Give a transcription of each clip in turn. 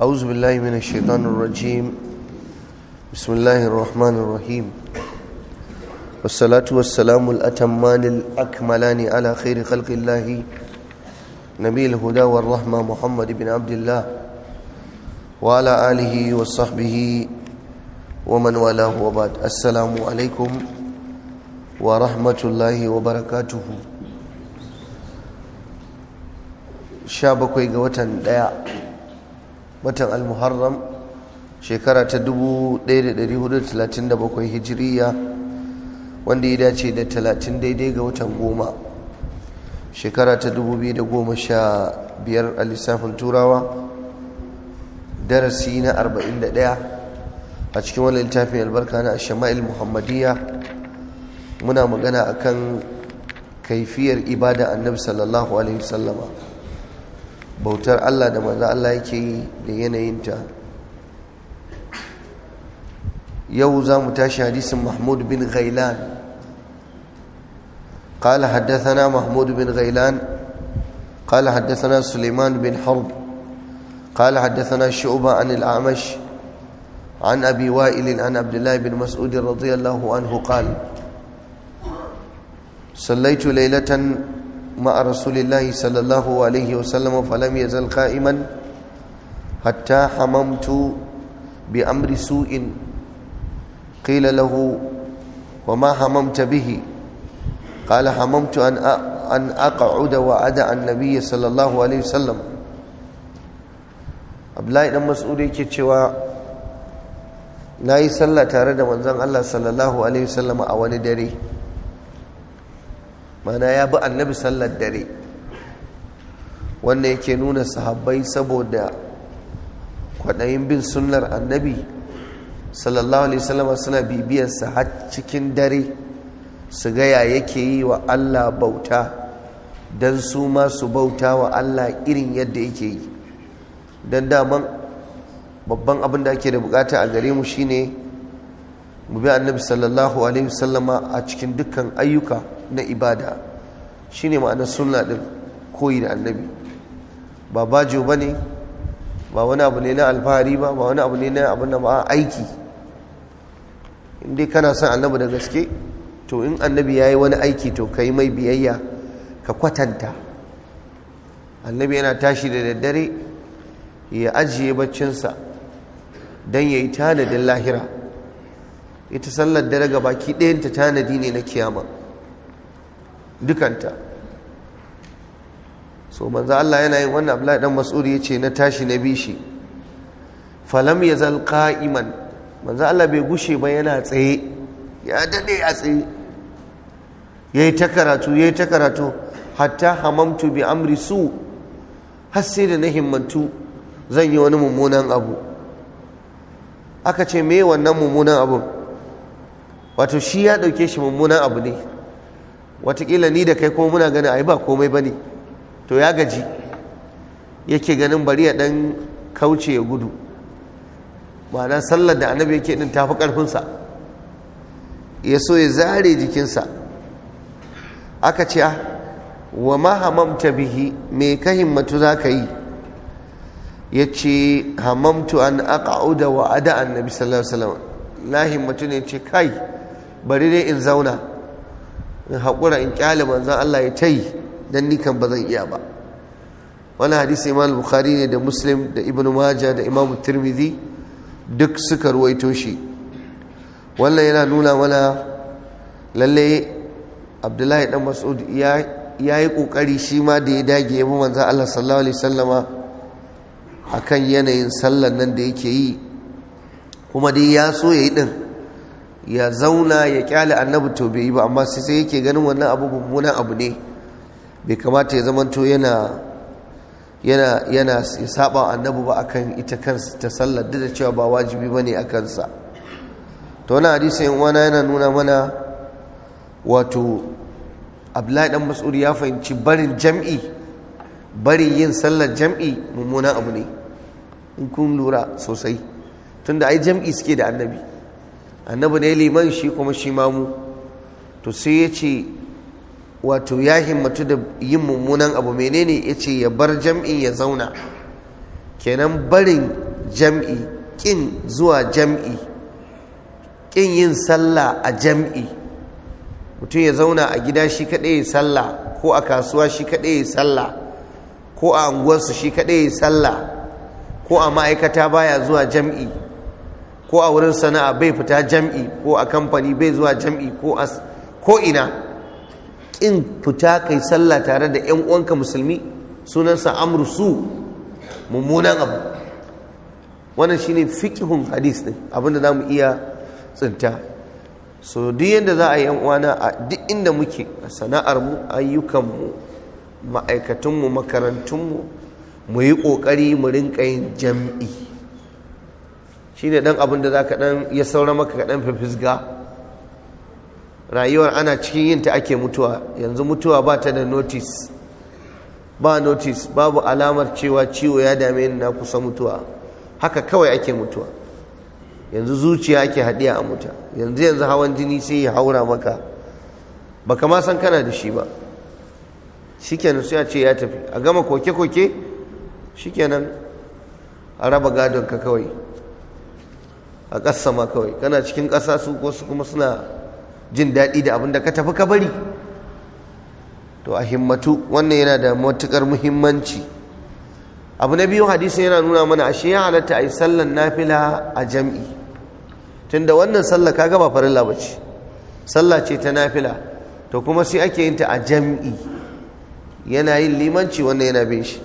أعوذ بالله من الشيطان الرجيم بسم الله الرحمن الرحيم والصلاة والسلام الأتمان الأكملان على خير خلق الله نبي الهدى والرحمة محمد بن عبد الله وعلى آله وصحبه ومن والاه وبعد السلام عليكم ورحمة الله وبركاته شابك وتن ديا watan al-muharram shekara ta 1437 hijiriya wanda ya dace da 30 daidai ga watan goma shekara ta 2015 a lissafin turawa darasi na 41 a cikin wani littafin albarka na shama'il muhammadiyya muna magana akan kaifiyar ibada annabi sallallahu alaihi wasallama bautar Allah da manzo Allah yake yi da yanayinta yau za mu tashi hadisin Mahmud bin Ghailan قال حدثنا محمود بن غيلان قال حدثنا سليمان بن حرب قال حدثنا شعبة عن الأعمش عن أبي وائل عن عبد الله بن مسعود رضي الله عنه قال صليت ليلة مع رسول الله صلى الله عليه وسلم فلم يزل قائما حتى حممت بأمر سوء قيل له وما حممت به قال حممت أن أن أقعد وأدع النبي صلى الله عليه وسلم Abdullahi dan Mas'ud yake cewa nayi sallah tare da manzon Allah sallallahu alaihi wasallam a wani dare mana ya bi annabi sallar dare wanda yake nuna sahabbai saboda kwaɗayin bin sunnar annabi sallallahu alaihi wasallam suna bibiyarsa har cikin dare su gaya yake yi wa allah bauta don su ma su bauta wa allah irin yadda yake yi don daman babban abin da ake da bukata a gare mu shine mu bi annabi sallallahu alaihi wasallama a cikin dukkan ayyuka na ibada Shi shine ma'anar sunna ɗin koyi da annabi ba bajo jo ba wani abu ne na alfahari ba ba wani abu ne na abin da ba aiki inda kana son annabi da gaske to in annabi ya yi wani aiki to ka yi mai biyayya ka kwatanta annabi yana tashi da daddare ya ajiye baccinsa don ya yi tanadin lahira ita sallar dare ga baki ɗayanta tanadi ne na kiyama dukanta so manzo Allah yana yin wannan Abdullahi dan Mas'ud yace na tashi na bi shi falam yazal qa'iman manzo Allah bai gushe ba yana tsaye ya dade a tsaye yayi ta karatu yayi ta karatu hatta hamamtu bi amri su har sai da na himmantu zan yi wani mummunan abu aka ce me wannan mummunan abu wato shi ya dauke shi mummunan abu ne watakila ni da kai kuma muna ganin a ba komai ba ne to ya gaji yake ganin bari ya ɗan kauce ya gudu Mana sallar da annabi yake ɗin tafi ƙarfinsa ya so ya zare jikinsa aka ce ah, wa ma hamamta bihi me ka himmatu za ka yi ya ce hamamtu an aqa'uda wa ada annabi sallallahu alaihi wasallam na himmatu ne ce kai bari dai in zauna in haƙura in ƙyale manzan Allah ya ta yi don nikan ba zan iya ba wani hadisi imam bukhari ne da muslim da ibn majah da imam tirmidhi duk suka ruwaito shi wannan yana nuna mana lalle abdullahi dan mas'ud ya yi ƙoƙari shi ma da ya dage ya manzan Allah sallallahu alaihi wasallama akan yanayin sallar nan da yake yi kuma dai ya so ya yi din ya zauna ya kyale annabi to bai yi ba amma sai sai yake ganin wannan abu mummunan abu ne bai kamata ya zamanto yana yana yana saba annabi ba akan ita kansa ta sallar da cewa ba wajibi bane a kansa to wannan hadisi in wani yana nuna mana wato Abdullahi dan Mas'ud ya fahimci barin jam'i barin yin sallar jam'i mummunan abu ne in kun lura sosai tunda ai jam'i suke da annabi annabi ne liman shi kuma shi mamu to sai ya ce wato ya himmatu da yin mummunan abu menene ya ce ya bar jam'i ya zauna kenan barin jam'i ƙin zuwa jam'i ƙin yin sallah a jam'i mutum ya zauna a gida shi kaɗai ya sallah ko a kasuwa shi kaɗai ya sallah ko a unguwarsu shi kaɗai ya sallah ko a ma'aikata baya zuwa jam'i ko a wurin sana'a bai fita jam'i ko a kamfani bai zuwa jam'i ko a ina kin fita kai sallah tare da yan uwanka musulmi sunansa amursu su mummunan abu wannan shine fiqhun hadis din abinda zamu iya tsinta so duk yadda za a yi yan uwana a duk inda muke a sana'ar mu ayyukan mu ma'aikatun mu makarantun mu mu yi kokari mu rinka yin jam'i shine dan abin da zaka dan ya saura maka ka dan fifisga rayuwar ana cikin yin ta ake mutuwa yanzu mutuwa ba ta da notice ba notice babu alamar cewa ciwo ya dame ni na kusa mutuwa haka kawai ake mutuwa yanzu zuciya ake haɗiya a muta yanzu yanzu hawan jini sai ya haura maka baka ma san kana da shi ba shikenan sai a ce ya tafi a gama koke-koke shikenan a raba gadon ka kawai a ƙasa ma kawai kana cikin ƙasa su wasu kuma suna jin daɗi da abin da ka tafi ka bari to a himmatu wannan yana da matuƙar muhimmanci abu na biyu hadisi yana nuna mana ashe ya halatta a yi sallan nafila a jam'i tunda wannan sallah ka gaba farilla labarci, ce ce ta nafila to kuma sai ake yin ta a jam'i yana yin limanci wannan yana bin shi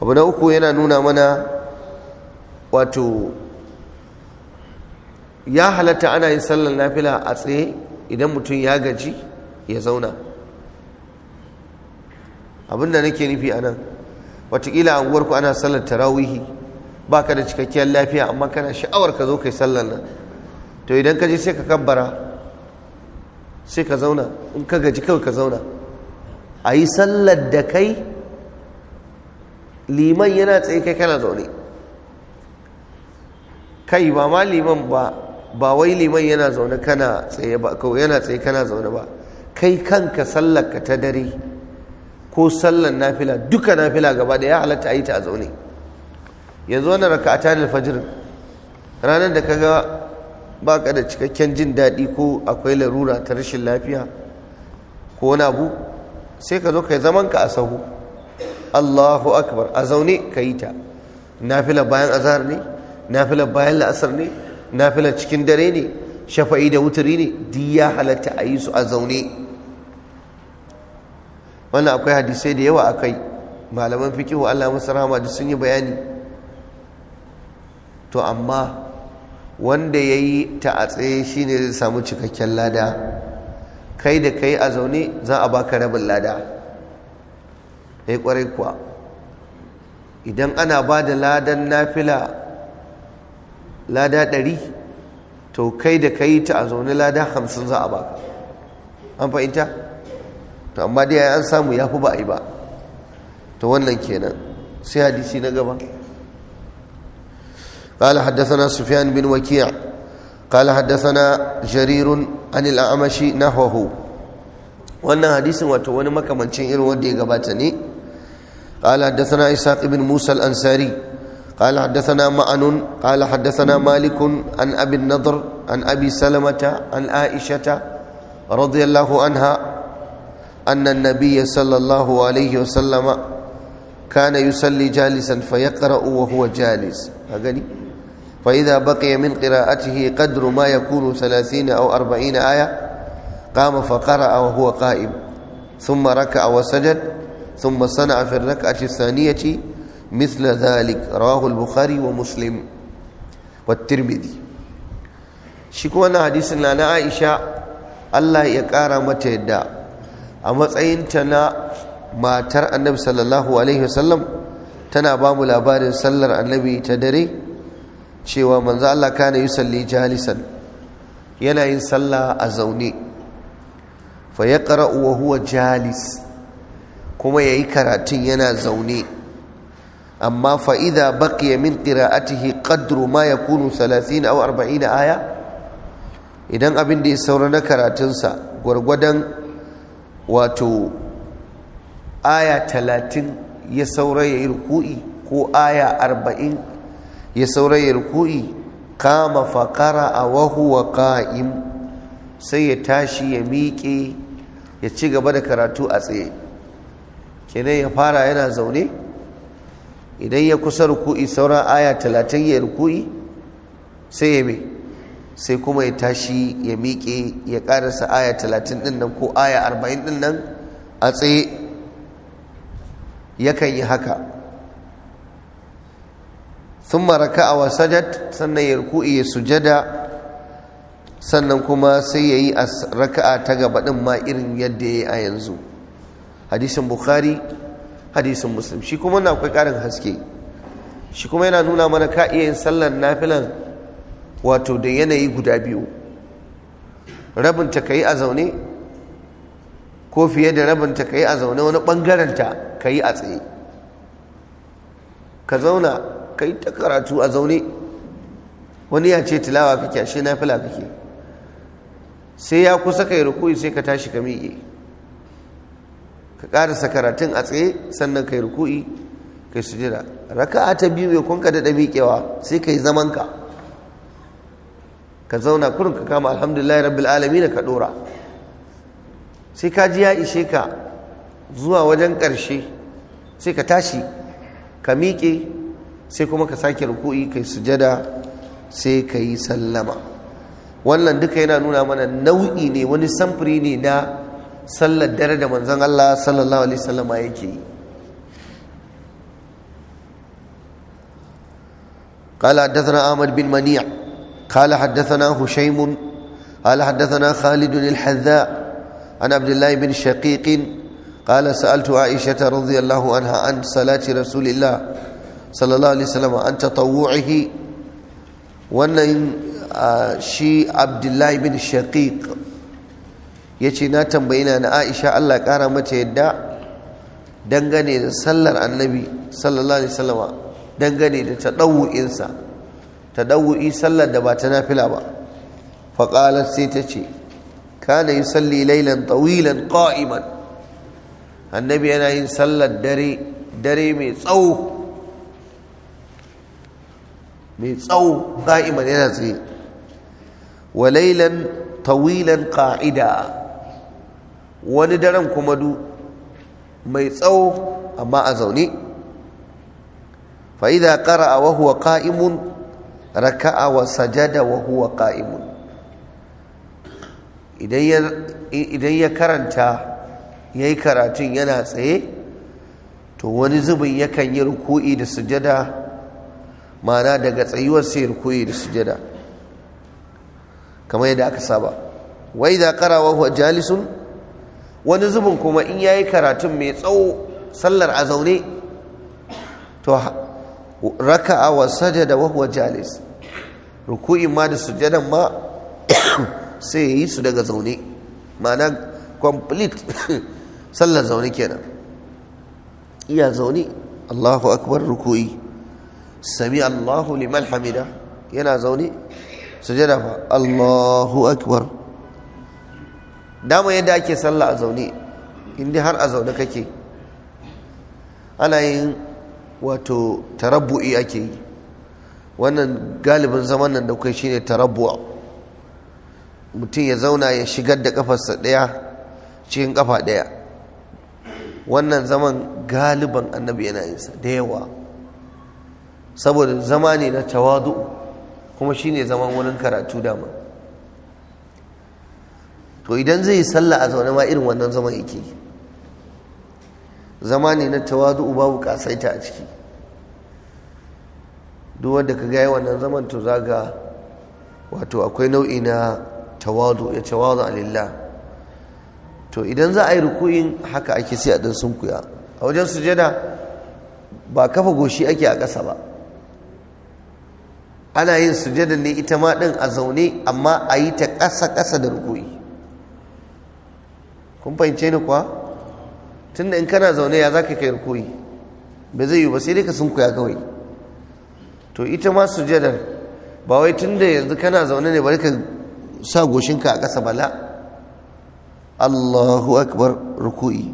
abu na uku yana nuna mana wato ya halatta ana yin sallar nafila a tsaye idan mutum ya gaji ya zauna abinda nake nufi a nan watakila a ku ana sallar tarawihi baka da cikakkiyar lafiya amma kana sha'awar ka zo kai sallar nan to idan ka ji sai ka kabbara sai ka zauna in ka gaji kawai ka zauna a yi sallar da kai liman yana tsaye kai kana zaune kai ba ma liman ba ba wai liman yana zaune kana tsaye ba kawai yana tsaye kana zaune ba kai kanka sallar ka ta dare ko sallar nafila duka nafila gaba da ya halatta ayi ta a zaune yanzu wannan raka'atan fajr ranar da kaga baka da cikakken jin daɗi ko akwai larura ta rashin lafiya ko wani abu sai ka zo kai zaman ka a sahu Allahu akbar a zaune ka yi ta nafila bayan azhar ne nafila bayan la'asar ne nafilar cikin dare ne shafa'i da wuturi ne duk ya halatta a yi su a zaune wannan akwai hadisai da yawa akai malaman fikihu Allah musu rahama da sun yi bayani to amma wanda ya yi ta a tsaye shine zai samu cikakken lada kai da kai a zaune za a baka rabin lada ya eh, kwarai kuwa idan ana ba da ladan nafila lada ɗari to kai da kai ta a zaune lada hamsin za a ba an fahimta to amma dai an samu ya fi ba a yi ba to wannan kenan sai hadisi na gaba قال حدثنا سفيان بن وكيع قال حدثنا جرير عن الأعمش نحوه wannan hadisin wato wani makamancin irin wanda ya gabata ne قال حدثنا إسحاق بن موسى قال حدثنا معن قال حدثنا مالك عن أبي النضر عن أبي سلمة عن عائشة رضي الله عنها أن النبي صلى الله عليه وسلم كان يصلي جالسا فيقرأ وهو جالس أغني فإذا بقي من قراءته قدر ما يكون ثلاثين أو أربعين آية قام فقرأ وهو قائم ثم ركع وسجد ثم صنع في الركعة الثانية مثل ذلك رواه البخاري ومسلم والترمذي shi kuma na hadisin na na Aisha Allah ya ƙara mata yadda a matsayinta na matar annabi sallallahu tana bamu labarin sallar annabi ta dare cewa manzo Allah kana yusalli jalisan yana yin sallah a zaune fa yaqra'u wa huwa jalis kuma yayi karatun yana zaune amma fa'iza idza baqiya min qira'atihi qadru ma yakunu 30 aw 40 aya idan abin da ya saura na karatunsa gwargwadon wato aya 30 ya saura ya yi ruku'i ko aya 40 ya saura ya ruku'i kama fa qara'a wa huwa sai ya tashi ya miƙe ya ci gaba da karatu a tsaye kenan ya fara yana zaune idan ya kusa ruku'i sauran aya talatin ya ruku'i sai ya mai sai kuma ya tashi ya miƙe ya ƙarasa aya talatin ɗin nan ko aya arba'in ɗin nan a tsaye yakan yi haka sun maraka a wasajat sannan ya ruku'i ya sujada sannan kuma sai ya yi raka'a ta gaba ɗin ma irin yadda ya yi a yanzu hadisin bukhari hadisin muslim shi kuma na akwai ƙarin haske shi kuma yana nuna mana ka iya yin sallar nafilan wato da yanayi guda biyu rabinta ka yi a zaune ko fiye da rabinta ka yi a zaune wani ɓangarenta ka yi a tsaye ka zauna ka yi ta karatu a zaune wani ya ce tilawa kake ashe nafila ke. sai ya kusa ka yi rukuni sai ka tashi ka miƙe ka karasa karatun a tsaye sannan ka yi ruku'i kai sujada raka'a ta biyu mai kunka da kewa sai ka zaman ka ka zauna kurin ka kama alhamdulillahi rabbil da ka ɗora sai ka ji ya ishe ka zuwa wajen ƙarshe sai ka tashi ka miƙe sai kuma ka sake ruku'i kai sujada sai ka yi sallama wannan duka yana nuna mana nau'i ne wani samfuri ne na sallar dare da manzon Allah sallallahu alaihi wasallama yake yi قال حدثنا أحمد بن منيع قال حدثنا هشيم قال حدثنا خالد الحذاء عن عبد الله بن شقيق قال سألت عائشة رضي الله عنها عن صلاة رسول الله صلى الله عليه وسلم عن تطوعه وأن شي عبد الله بن شقيق ya ce na tambayi na na aisha allah ƙara mata yadda dangane da sallar annabi sallallahu alaihi salama dangane da taɗawu'insa taɗawu'i sallar da ba ta nafila ba faƙalar sai ta ce kana yi salli lailan tawilan ƙa'iman annabi yana yin sallar dare dare mai tsawo mai tsawo ƙa'iman yana tsaye wa lailan tawilan ƙa'ida wani daren kuma du mai tsawo amma a zaune fa'ida ƙara a wahuwa ƙa'imun raka'a wa sajada wa wahuwa ƙa'imun idan ya karanta ya yi karatun yana tsaye to wani zubin yakan yi ruku'i da sujada mana daga tsayuwar sai ruku'i da sujada kamar yadda aka saba wai da ƙarawa wahuwa jalisun wani zubin kuma in yayi karatun mai tsawo sallar a zaune to raka a wasa da wahuwa jalis ruku'in ma da sujadan ma sai ya yi su daga zaune ma'ana complete sallar zaune kenan iya zaune Allahu akbar ruku'i sami Allahu liman hamida yana zaune sujada fa Allahu akbar dama yadda ake sallah a zaune inda har a zaune kake ana yin wato tarabbu'i ake yi wannan galibin zaman nan da kuka ne tarabbu'a mutum ya zauna ya shigar da kafarsa daya cikin kafa ɗaya. wannan zaman galiban annabi yana yin sa da yawa saboda zama ne na tawadu kuma shine zaman wurin karatu dama to idan zai yi sallah a zaune ma irin wannan zaman yake zama ne na tawadu babu kasaita a ciki duk wanda ka gaya wannan zaman to zaga wato akwai nau'i na tawadu ya tawadu alillah to idan za a yi rukuyin haka ake sai a dan sunkuya a wajen sujada ba kafa goshi ake a ƙasa ba ana yin sujada ne ita ma din a zaune amma a yi ta ƙasa ƙasa da ruku'i kun fahimce ni kuwa tunda in kana zaune ya zaka kai rukuri ba zai yi ba sai dai ka kuya kawai to ita ma sujadar ba wai tunda yanzu kana zaune ne bari ka sa goshinka a ƙasa bala Allahu akbar ruku'i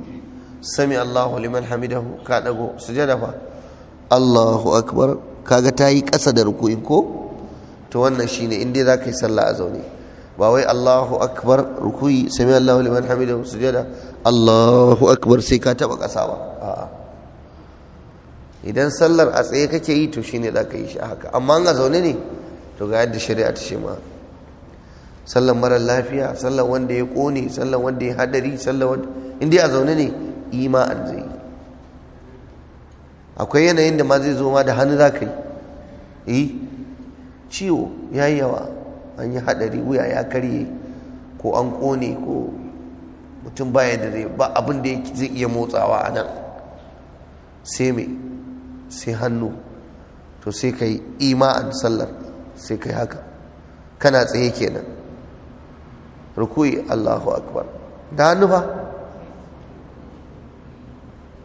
sami Allahu liman hamidahu ka dago sujada fa Allahu akbar kaga ta yi ƙasa da rukuri ko to wannan shine in dai za ka yi sallah a zaune ba wai Allahu akbar rukuyi sami Allahu liman hamidu sujada Allahu akbar sai ka taba kasa ba a'a idan sallar a tsaye kake yi to shine za ka yi shi haka amma an zaune ne to ga yadda shari'a ta shi ma sallar mara lafiya sallar wanda ya kone sallar wanda ya hadari sallar wanda in dai a zaune ne an zai akwai yanayin da ma zai zo ma da hannu za ka yi eh? ciwo ya yi yawa an yi haɗari wuya ya karye ko an kone ko mutum baya da zai ba abin da zai iya motsawa a nan sai me sai hannu to sai ka yi ima'an sallar sai ka yi haka kana tsaye kenan rukui allahu akbar da hannu ba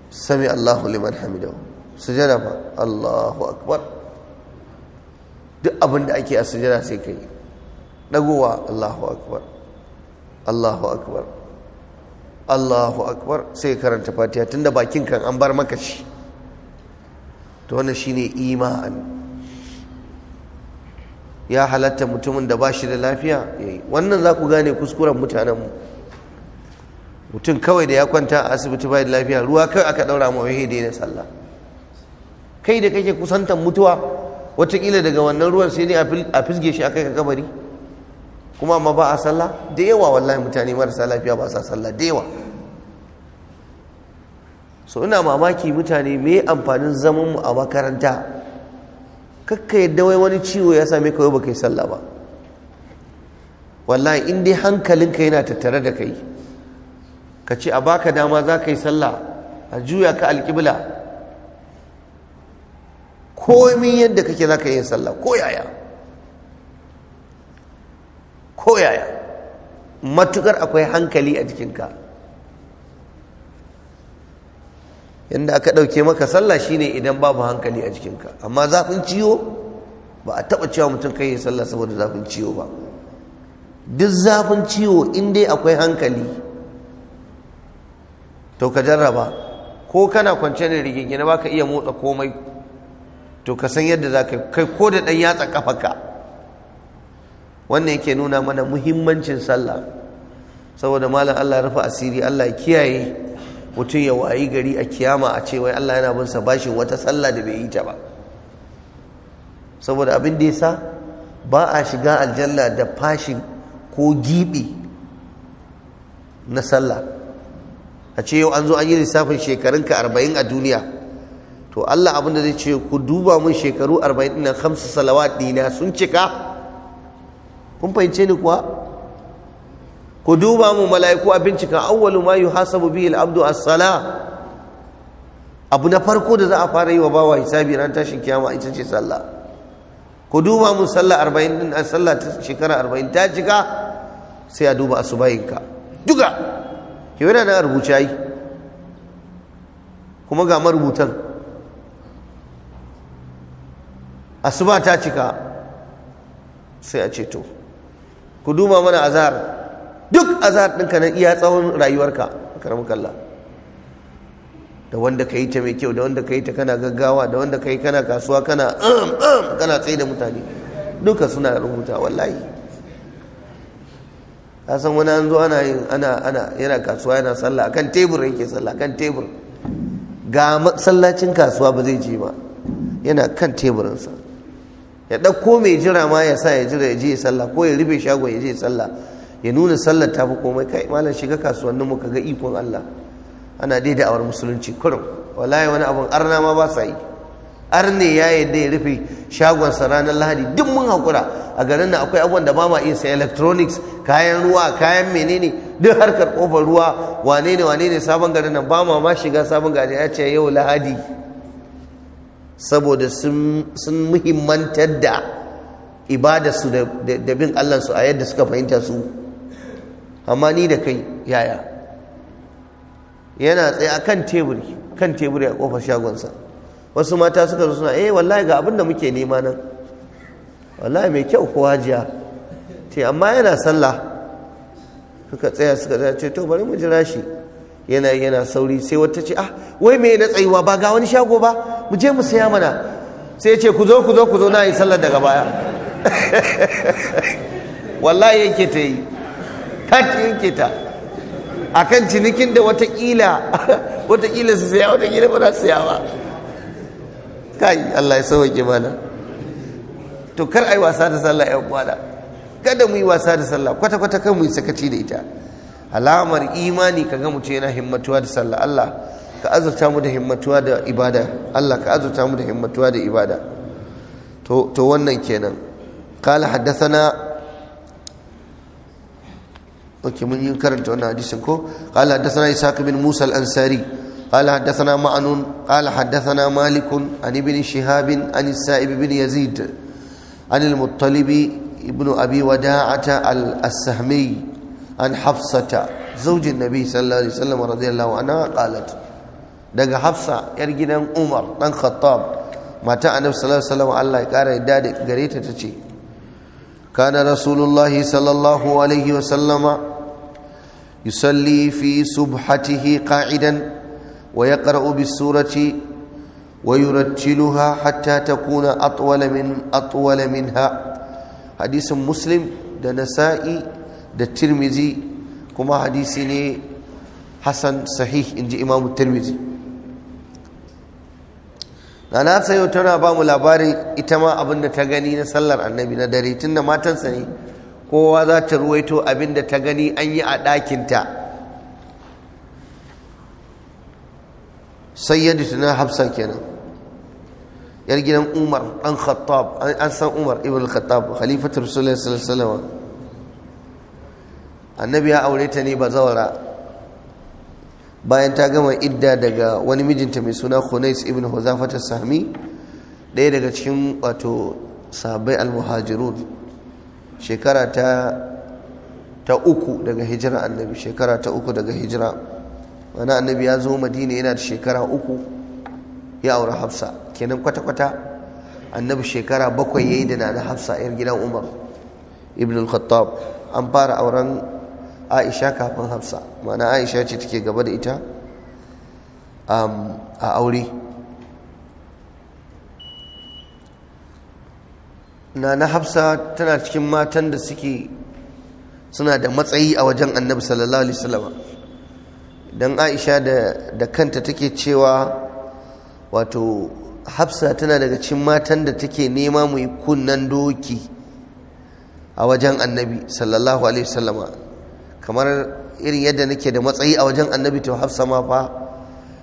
sami allahu liman hamidahu sujada ba allahu akbar duk abin da ake a sujada sai ka yi dagowa Allahu akbar Allahu akbar Allahu akbar sai karanta fatiha tunda bakin kan an bar maka shi to wannan shine iman ya halatta mutumin da bashi da lafiya yayi wannan za ku gane kuskuren mutanen mu mutum kawai da ya kwanta a asibiti bai da lafiya ruwa kai aka daura mu wai na sallah kai da kake kusantan mutuwa watakila daga wannan ruwan sai ne a fisge shi akai ka kabari kuma ma ba a sallah da yawa wallahi mutane marasa lafiya ba sa sallah da yawa so ina mamaki mutane me amfanin zaman mu a makaranta kakka yadda wai wani ciwo ya same ka ba kai sallah ba wallahi in dai hankalin ka yana tattare da kai ka ce a baka dama za ka yi sallah a juya ka alƙibla komi yadda kake za ka yi sallah ko yaya Koyaya. matukar akwai hankali a jikinka yadda aka ɗauke maka sallah shine idan babu hankali a jikinka amma zafin ciwo ba a taɓa cewa mutum kai ya sallah saboda zafin ciwo ba duk zafin ciwo in dai akwai hankali to ka jarraba ko kana kwance ne rigingine ba ka iya motsa komai to ka san yadda za ka kai ko da ɗan yatsa kafaka ka wannan yake nuna mana muhimmancin sallah saboda malam Allah rufe asiri Allah ya kiyaye mutum ya wayi gari a kiyama a cewa Allah yana bin sa bashin wata sallah da bai yi ta ba saboda abin da yasa ba a shiga aljanna da fashin ko gibi na sallah a ce yau an zo an yi lissafin shekarunka arba'in a duniya to Allah abin da zai ce ku duba mun shekaru arba'in ɗin nan khamsu salawat ɗina sun cika kun fahimce ni kuwa ku duba mu mala'iku a bincika awwalu ma yuhasabu bihi al-abdu as-sala abu na farko da za a fara yi wa bawa hisabi ran tashin kiyama ita ce sallah ku duba mu sallah 40 din sallah ta shekara 40 ta cika sai a duba asubayinka duka ki wani na rubuta yi kuma ga marubutan asuba ta cika sai a ce to ku duma mana azar duk azar ɗinka na iya tsawon rayuwarka karamin kalla da wanda ka yi ta mai kyau da wanda ka yi ta kana gaggawa da wanda ka yi kana kasuwa kana um, um, kana tsaye da mutane duka suna rubuta wallahi ka san wani an zo ana ana ana yana kasuwa yana sallah akan tebur yake sallah akan tebur ga sallacin kasuwa ba zai je ba yana kan teburinsa ya ɗauko mai jira ma ya sa ya jira ya je ya sallah ko ya rufe shagon ya je ya sallah ya nuna sallar ta fi komai kai malam shiga kasuwanni mu ka ga ikon Allah ana dai awar musulunci kurum wallahi wani abun arna ma ba sa yi arne ya yadda ya rufe shagon sa ranar lahadi duk mun hakura a garin nan akwai abubuwan da ba ma iya electronics kayan ruwa kayan menene duk harkar kofar ruwa wane ne wane ne sabon garin nan ba ma ma shiga sabon garin ya ce yau lahadi saboda sun muhimmantar da ibadarsu da bin allansu a yadda suka fahimta su amma ni da kai yaya yana tsaye a kan teburi kan teburi a kofar shagonsa wasu mata suka zo suna eh wallahi ga abinda muke nema nan wallahi mai kyau kowa jiya." te amma yana sallah suka tsaya suka tsaya ce to bari mu jira shi yana yana sauri sai wata ce ah wai me na tsayuwa ba ga wani shago ba mu je mu saya mana sai ya ce ku zo ku zo ku zo na yi sallar daga baya wallahi yake ta yi kati yanke ta A kan cinikin da watakila watakila su saya watakila ba na su saya ba kai Allah ya sauke mana to kar ai wasa da sallah ƴan kwada kada mu yi wasa da sallah kwata kwata kan mu yi sakaci da ita alamar imani kaga mutum yana himmatuwa da sallah Allah ka azurta mu da himmatuwa da ibada Allah ka azurta mu da himmatuwa da ibada to wannan kenan qala haddathana okay mun yi karanta wannan hadisin ko qala bin musa al-ansari قال حدثنا معن قال حدثنا مالك عن ابن شهاب عن Yazid, بن يزيد عن المطلب ابن أبي وداعة السهمي عن حفصة زوج النبي صلى الله عليه وسلم رضي الله عنها قالت daga hafsa yar gidan umar dan khattab mata annabi sallallahu alaihi wasallam Allah ya kara yadda gare ta tace kana Rasulullahi sallallahu alaihi wasallam yusalli fi subhatihi qa'idan wa yaqra'u bis surati wa yurattiluha hatta takuna atwal min atwal minha hadith muslim da nasa'i da tirmizi kuma hadisi ne hasan sahih inji imamu tirmizi na sayo tana ba mu labarin ita ma abin da ta gani na sallar annabi na dare tun da matansa ne kowa za ta ruwaito abin da ta gani an yi a ɗakinta Sai yadda tunan hafsa kenan yar gidan umar an khattab an san umar ibn khattab khalifatar rasulullah sallallahu alaihi annabi ya aure ta ne ba zawara bayan ta gama idda daga wani mijinta mai suna khunais ibn ta Sami, ɗaya daga cikin wato Sabai al-muhajirun shekara ta uku daga hijira annabi shekara ta uku daga hijira wani annabi ya zo madina yana da shekara uku ya aure hafsa kenan kwata-kwata annabi shekara bakwai ya yi da na hafsa 'yan gidan umar ibn al-khattab an fara auren aisha kafin hafsa mana aisha ce take gaba da ita um, a aure na hafsa tana cikin matan da suke suna da matsayi a wajen annabi sallallahu alaihi wasallama don aisha da kanta take cewa wato hafsa tana daga cikin matan da take nema mu yi kunnan doki a wajen annabi sallallahu alaihi wasallama kamar irin yadda nake da matsayi a wajen annabi to hafsa ma fa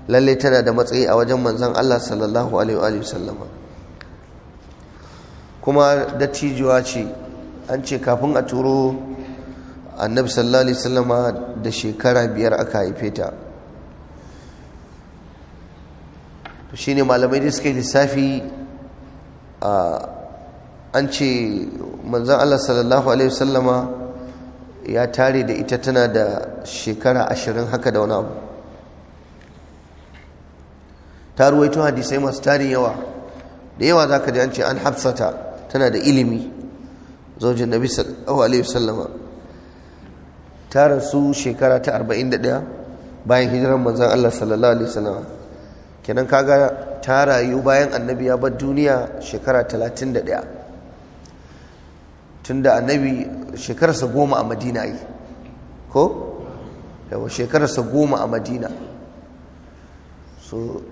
lalle tana da matsayi a wajen manzon Allah sallallahu alaihi wa sallama kuma tijuwa ce an ce kafin a turo annabi sallallahu alaihi sallama da shekara biyar aka haife ta to shine malamai da suka yi lissafi an ce manzan Allah sallallahu alaihi wa sallama ya tare da ita tana da shekara ashirin haka da wani abu ta ruwaito hadisai masu tarin yawa da yawa za ka ji an ce an hafsata tana da ilimi zaujin nabi sallallahu alaihi sallama ta rasu shekara ta 41 bayan hijiran manzan Allah sallallahu alaihi wasallama kenan kaga ta rayu bayan annabi ya bar duniya shekara 31 tunda annabi shekararsa goma a madina yi ko yawon shekararsa goma a madina so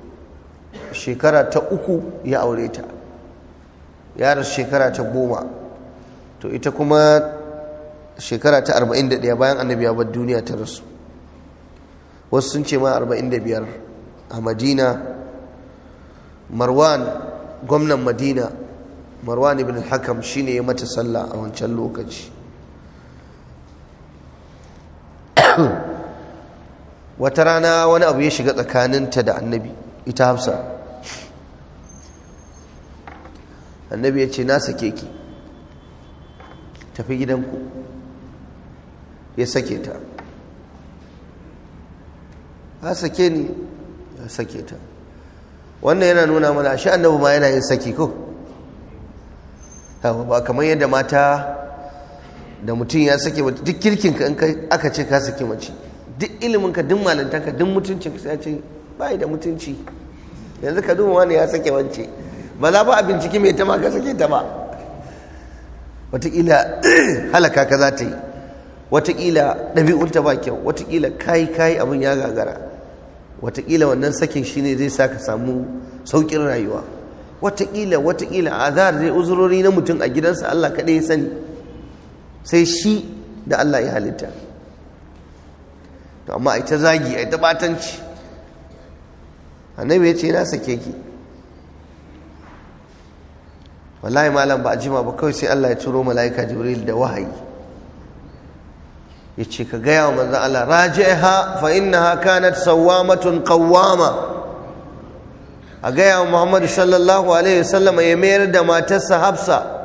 shekara ta uku ya aure ta yarar shekara ta goma to ita kuma shekara ta 41 bayan annabi ya bar duniya ta rasu wasu sun ce ma 45 a madina marwan gwamnan madina marwan ibn al-hakam shine ya mata sallah a wancan lokaci wata rana wani abu ya shiga tsakaninta da annabi ita hafsa annabi ya ce na sake ki tafi gidanku ya sake ta ha sake ni ya sake ta wannan yana nuna mana shi annabu ma yana yin saki ko ba kamar yadda mata da mutum ya sake mace duk kirkin ka aka ce ka sake mace duk ka duk malantanka duk mutuncinka sai ce bai da mutunci yanzu ka duba wani ya sake wance ba za ba a binciki mai ta ma ka sake ta ba wataƙila halaka ka za ta yi wataƙila ɗabi'unta ba kyau wataƙila kayi kayi abin ya gagara wataƙila wannan sakin shi ne zai sa ka samu sauƙin rayuwa wataƙila wataƙila azar zai uzurori na mutum a gidansa allah kaɗai ya sani sai shi da Allah ya halitta to amma ai ta zagi ai ta batanci annabi ya ce na sake ki wallahi malam ba a jima ba kawai sai Allah ya turo mala'ika jibril da wahayi ya ce ka gaya wa manzan Allah raji'ha fa innaha kanat sawwamatun qawwama a gaya wa Muhammadu sallallahu alaihi wasallam ya mayar da matarsa Hafsa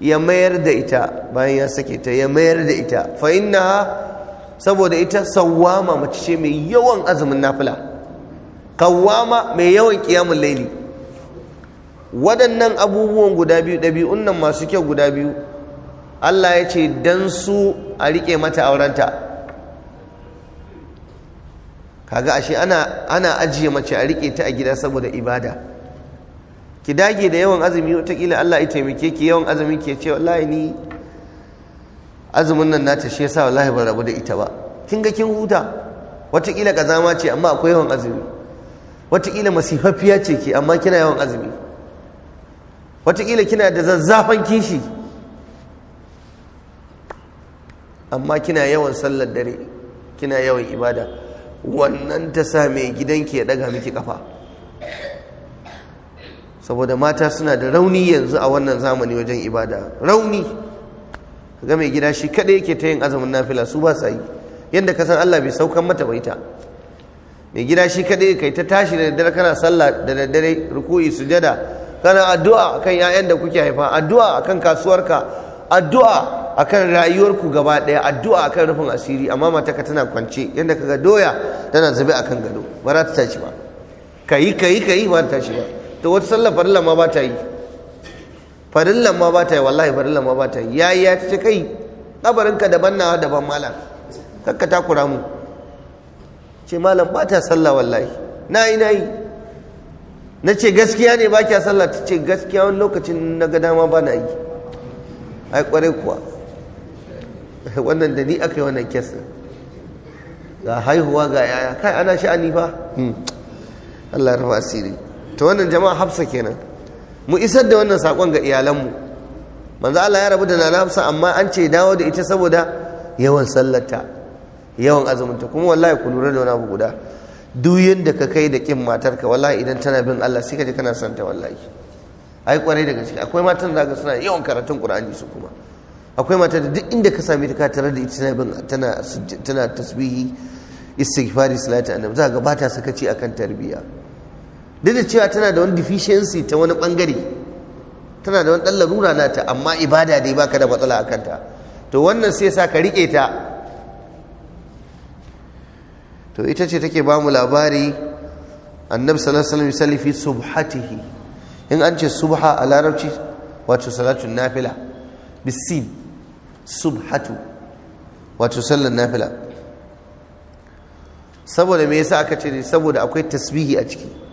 ya mayar da ita bayan ya sake ta ya mayar da ita fa saboda ita sawama mace ce mai yawan azumin nafila kawwama mai yawan kiyamun laili waɗannan abubuwan guda biyu ɗabi'un nan masu kyau guda biyu Allah ya ce dan su a riƙe mata aurenta kaga ashe ana ajiye mace a riƙe ta a gida saboda ibada ki dage da yawan azumi wataƙila Allah ya taimake ki yawan azumi ke ce wallahi ni azumin nan nata shi yasa wallahi ban rabu da ita ba kin ga kin huta wataƙila kazama ce amma akwai yawan azumi wataƙila masifafiya ce ki amma kina yawan azumi wataƙila kina da zazzafan kishi amma kina yawan sallar dare kina yawan ibada wannan ta sa mai gidanki ya daga miki kafa saboda mata suna da rauni yanzu a wannan zamani wajen ibada rauni ga mai gida shi kaɗai yake ta yin azumin nafila su ba sa yi yadda ka san Allah bai saukan mata bai ta. mai gida shi kaɗai kai ta tashi da daddare kana sallah da daddare ruku'i sujada kana addu'a akan 'ya'yan da kuke haifa addu'a akan kasuwarka addu'a akan rayuwarku gaba ɗaya addu'a akan rufin asiri amma mataka tana kwance yadda kaga doya tana zube akan gado ba za ta tashi ba kayi kayi kayi ba ta tashi ba to wata sallar farilla ma ba ta yi farilla ma ba ta yi wallahi farilla ma ba ta yi yayi ya ce kai kabarinka daban wa daban malam kakka kura mu ce malam ba ta sallah wallahi na yi na yi na ce gaskiya ne ba kya sallah ta ce gaskiya wani lokacin na ga dama ba na yi ai kwarai kuwa wannan da ni aka yi wannan kyasa ga haihuwa ga yaya kai ana sha'ani fa hmm. Allah ya rufa asiri ta wannan jama'a hafsa kenan mu isar da wannan sakon ga iyalanmu manzo Allah ya rabu da nana hafsa amma an ce dawo da ita saboda yawan sallarta yawan azumunta kuma wallahi ku lura da wani abu guda duk yanda ka kai da kin matarka wallahi idan tana bin Allah sai ka ji kana santa wallahi ai kwarai daga ciki akwai matan da suna yawan karatun Qur'ani su kuma akwai matar da duk inda ka sami ta ka tarar da ita tana bin tana tana tasbihi istighfari salati annabi za ga ba ta sakaci akan tarbiyya duk da cewa tana da wani deficiency ta wani bangare tana da wani ɗan larura nata amma ibada dai baka da matsala a ta. to wannan sai sa ka riƙe ta to ita ce take ba mu labari annabi sallallahu alaihi wasallam fi subhatihi in an ce subha a larabci wato salatun nafila bisin subhatu wato sallar nafila saboda me yasa aka ce saboda akwai tasbihi a ciki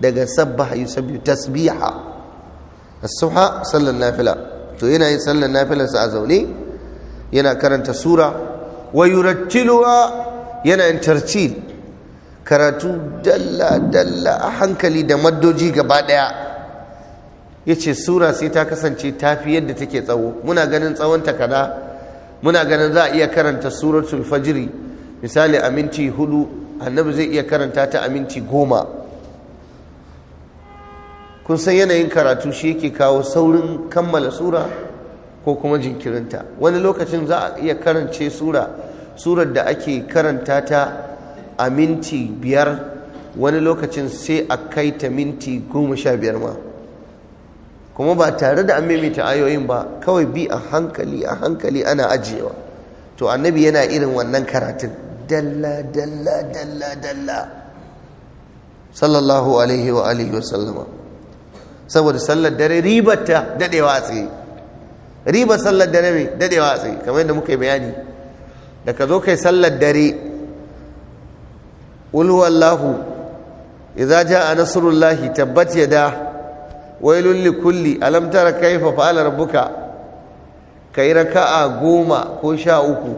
daga sabbaha yusabbihu tasbiha as-subha sallan nafila to yana yin sallan nafilar sa a zaune yana karanta sura wa yurattiluha yana yin tartil karatu dalla dalla a hankali da maddoji gaba daya yace sura sai ta kasance tafi yadda take tsawo muna ganin tsawon ta kada muna ganin za a iya karanta suratul fajiri misali a minti hudu annabi zai iya karanta ta a minti goma kun san yanayin karatu shi yake kawo saurin kammala sura ko kuma jinkirinta wani lokacin za a iya karance sura surar da ake karanta ta a minti biyar wani lokacin sai a kai ta minti goma sha biyar ma kuma ba tare da an maimaita ayoyin ba kawai bi a hankali a hankali ana ajiyewa to annabi yana irin wannan karatun dalla dalla dalla dalla sallallahu alaihi wa alihi wa saboda sallar dare ribar ta dadewa tsaye ribar sallar dare mai dadewa tsaye kamar yadda muka yi bayani da ka zo kai sallar dare ulwallahu idza jaa nasrullahi tabbat yada wailul likulli alam tara kayfa fa'ala rabbuka kai raka'a goma ko sha uku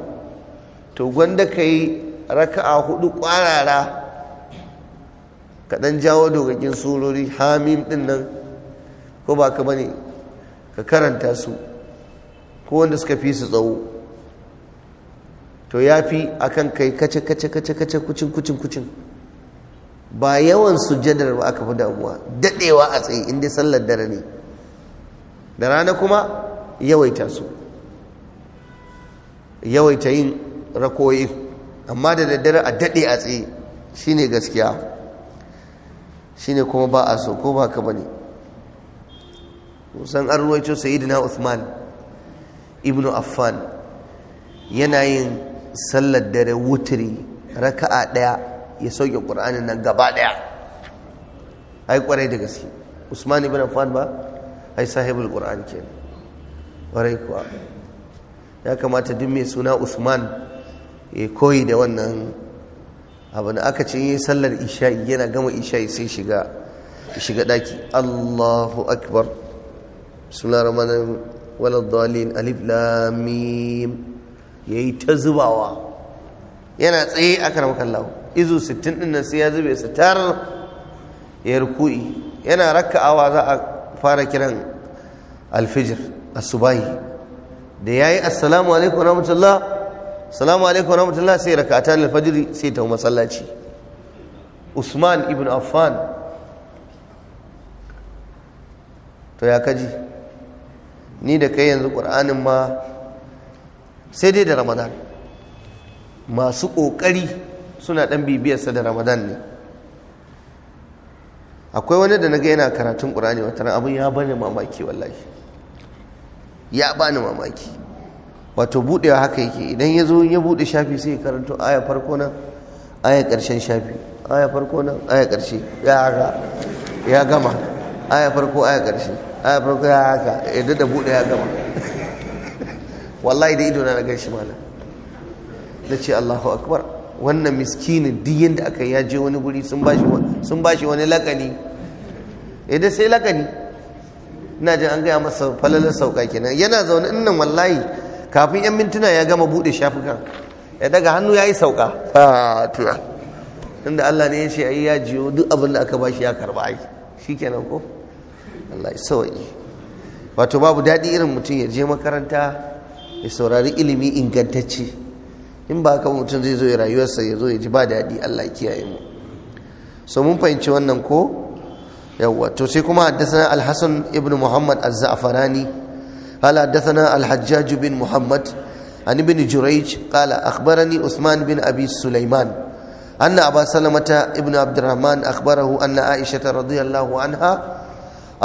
to gwanda kai raka'a hudu kwarara kaɗan jawo dogagin surori hamim ɗin nan ko ba ka bane ka karanta su ko wanda suka fi su tsawo to ya fi a kan kai kace kace kace kace kucin kucin kucin ba yawan sujjadar ba aka fi damuwa daɗewa a tsaye inda sallar dare ne da rana kuma yawaita su yawaita yin rakoyi amma da daddare a daɗe a tsaye shine gaskiya shine kuma ba a so ko ba ka bane kusan an ruwaito na Uthman ibnu Affan yana yin sallar dare wutiri raka'a daya ya sauke Qur'anin nan gaba daya ai kwarai da gaske Usman ibn Affan ba ai sahibul Qur'an ke kwarai kuwa ya kamata duk mai suna Usman ya koyi da wannan abin aka ce yi sallar isha'i yana gama isha'i sai shiga shiga daki Allahu akbar بسم الله الرحمن الرحيم ولا الضالين ألف لام ta zubawa yana tsaye a karamkan izu 60 din nan sai ya zube su tar ya ruku'i yana rakka'awa za a fara kiran alfijir asubahi da yayi assalamu alaikum wa rahmatullah assalamu alaikum wa rahmatullah sai raka'atan alfajr sai ta masallaci Usman ibn Affan to ya kaji ni da kai yanzu ƙur'anin ma sai dai da ramadan masu ƙoƙari suna ɗan bibiyarsa da ramadan ne akwai wani da na ga yana karatun ƙur'ani wata abin ya bani mamaki wallahi ya bani mamaki wato buɗewa haka yake idan ya zo ya buɗe shafi sai ya karanto aya farko nan aya ƙarshen shafi aya farko nan aya ƙarshe ya ya gama aya farko aya ƙarshe aya farko ya haka Idan da buɗe ya gama wallahi da ido na gan shi malam da ce Allahu akbar wannan miskinin diyan da aka ya je wani guri sun ba shi wani lakani idan eh, sai lakani ina jin an gaya masa falalar sauka kenan yana zaune nan wallahi kafin yan mintuna ya gama buɗe shafukan ya daga hannu ya yi sauka fatuwa inda Allah ne ya ce ai ya jiyo duk abin da aka ba shi ya karba ai shikenan ko wato babu daɗi irin mutum ya je makaranta ya saurari ilimi ingantacce in ba haka mutum zai zo ya rayuwarsa ya zo ya ji ba daɗi Allah ya kiyaye mu so mun fahimci wannan ko yawwa to sai kuma haddathana al-Hasan ibn Muhammad az-Za'farani qala haddathana al-Hajjaj bin Muhammad an ibn Jurayj qala akhbarani Uthman bin Abi Sulaiman anna Aba Salamata ibn Abdurrahman akhbarahu anna Aisha radhiyallahu anha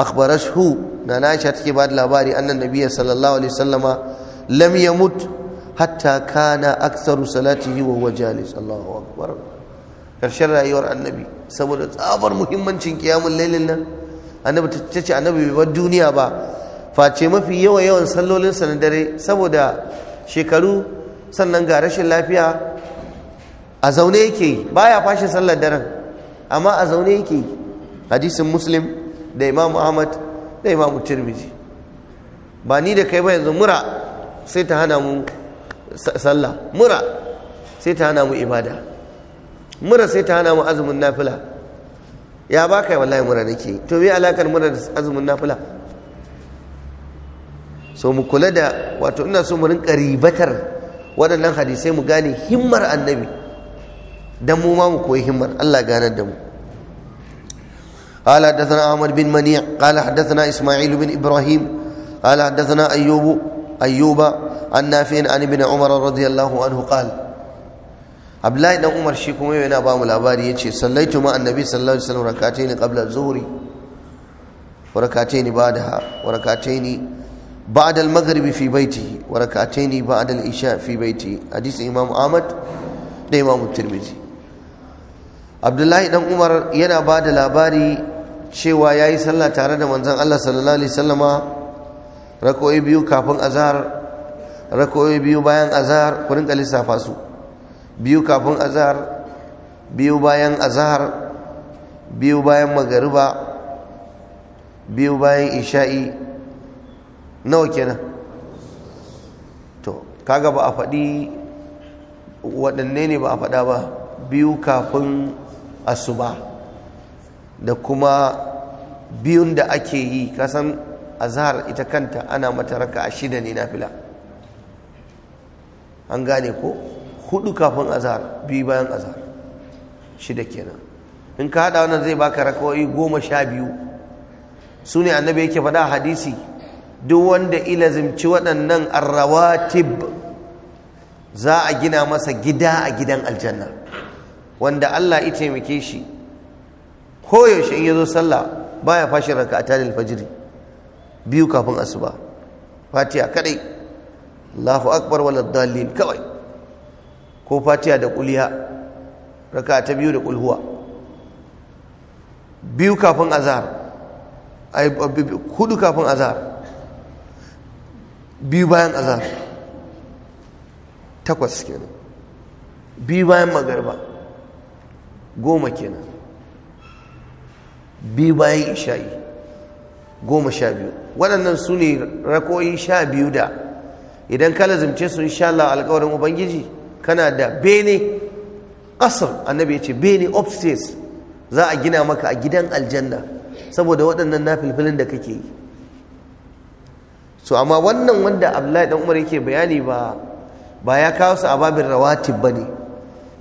akhbarashu na Aisha take ba da labari annan nabiyyi sallallahu alaihi wasallama lam yamut hatta kana aktsaru salatihi wa huwa jalis Allahu akbar karshen rayuwar annabi saboda tsabar muhimmancin kiyamun lailin nan annabi ta ce annabi bai bar duniya ba face mafi yawa yawan sallolin sa na dare saboda shekaru sannan ga rashin lafiya a zaune yake baya fashe sallar daren amma a zaune yake hadisin muslim da imamu ahmad da imamu tirmidhi ba ni da kai ba yanzu mura sai ta hana mu sallah mura sai ta hana mu ibada mura sai ta hana mu azumin nafila ya ba kai wallahi mura nake to me alakar mura da azumin nafila so mu kula da wato ina so mu rinka ribatar waɗannan hadisai mu gane himmar annabi dan mu ma mu koyi himmar Allah ganar da mu قال حدثنا عمر بن منيع قال حدثنا إسماعيل بن إبراهيم قال حدثنا أيوب أيوب عن نافع عن ابن عمر رضي الله عنه قال عبد الله بن عمر شي كما ينا بام الأباري يتشي صليت مع النبي صلى الله عليه وسلم ركعتين قبل الظهر وركعتين بعدها وركعتين بعد المغرب في بيته وركعتين بعد العشاء في بيته حديث الإمام أحمد ده إمام الترمذي abdullahi dan umar yana ba da labari cewa ya yi sallah tare da manzan allah sallallahu alaihi sallama rako'i biyu kafin azhar rako'i biyu bayan azhar ku rinka lissafa su biyu kafin azhar biyu bayan azhar biyu bayan magariba biyu bayan isha'i nawa kenan to kaga ba a faɗi waɗanne ne ba a faɗa ba biyu kafin asuba da kuma biyun da ake yi kasan azhar ita kanta ana mata raka a shida ne nafila an gane ko hudu kafin azhar biyu bayan azhar shida kenan in ka hada wannan zai baka rakawai goma sha biyu su ne annabi yake faɗa hadisi duk wanda ilazimci waɗannan arrawatib za a gina masa gida a gidan aljanna wanda Allah ya taimake shi koyaushe in ya zo sallah baya fashi raka a tarihin fajiri biyu kafin asuba fatiya kadai lafi akbar wal dalil kawai ko fatiya da kuliya raka ta biyu da kulhuwa biyu kafin azhar ai hudu kafin azhar biyu bayan azhar takwas kenan biyu bayan magarba goma kenan biyu bayan isha'i goma sha biyu waɗannan su ne rakoyi sha biyu da idan ka lazimce su insha Allah alƙawarin ubangiji kana da bene ƙasar annabi ya ce bene upstairs za a gina maka a gidan aljanna saboda waɗannan na filfilin da kake yi so amma wannan wanda abdullahi dan umar yake bayani ba ya kawo su a babin rawatib bane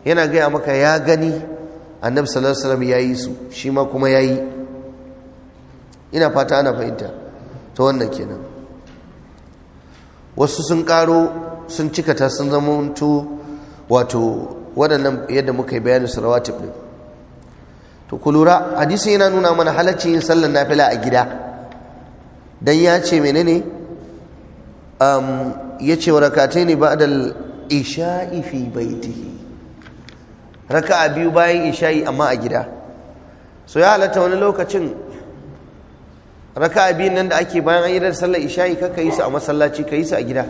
yana gaya maka ya gani annabi sallallahu alaihi wasallam yayi su shi ma kuma yayi ina fata ana fahimta ta wannan kenan wasu sun karo sun cika sun zama wato waɗannan yadda muka yi bayanin su rawatib ɗin to ku lura hadisi yana nuna mana halaccin yin sallar nafila a gida dan ya ce menene um, ya ce wa rakatai ne ba'dal isha'i fi baitihi raka'a biyu bayan isha'i amma a gida so ya halatta wani lokacin raka'a biyun nan da ake bayan an yi da sallar isha'i kaka yi su a masallaci ka yi su a gida